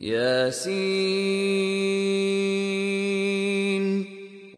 Yasin.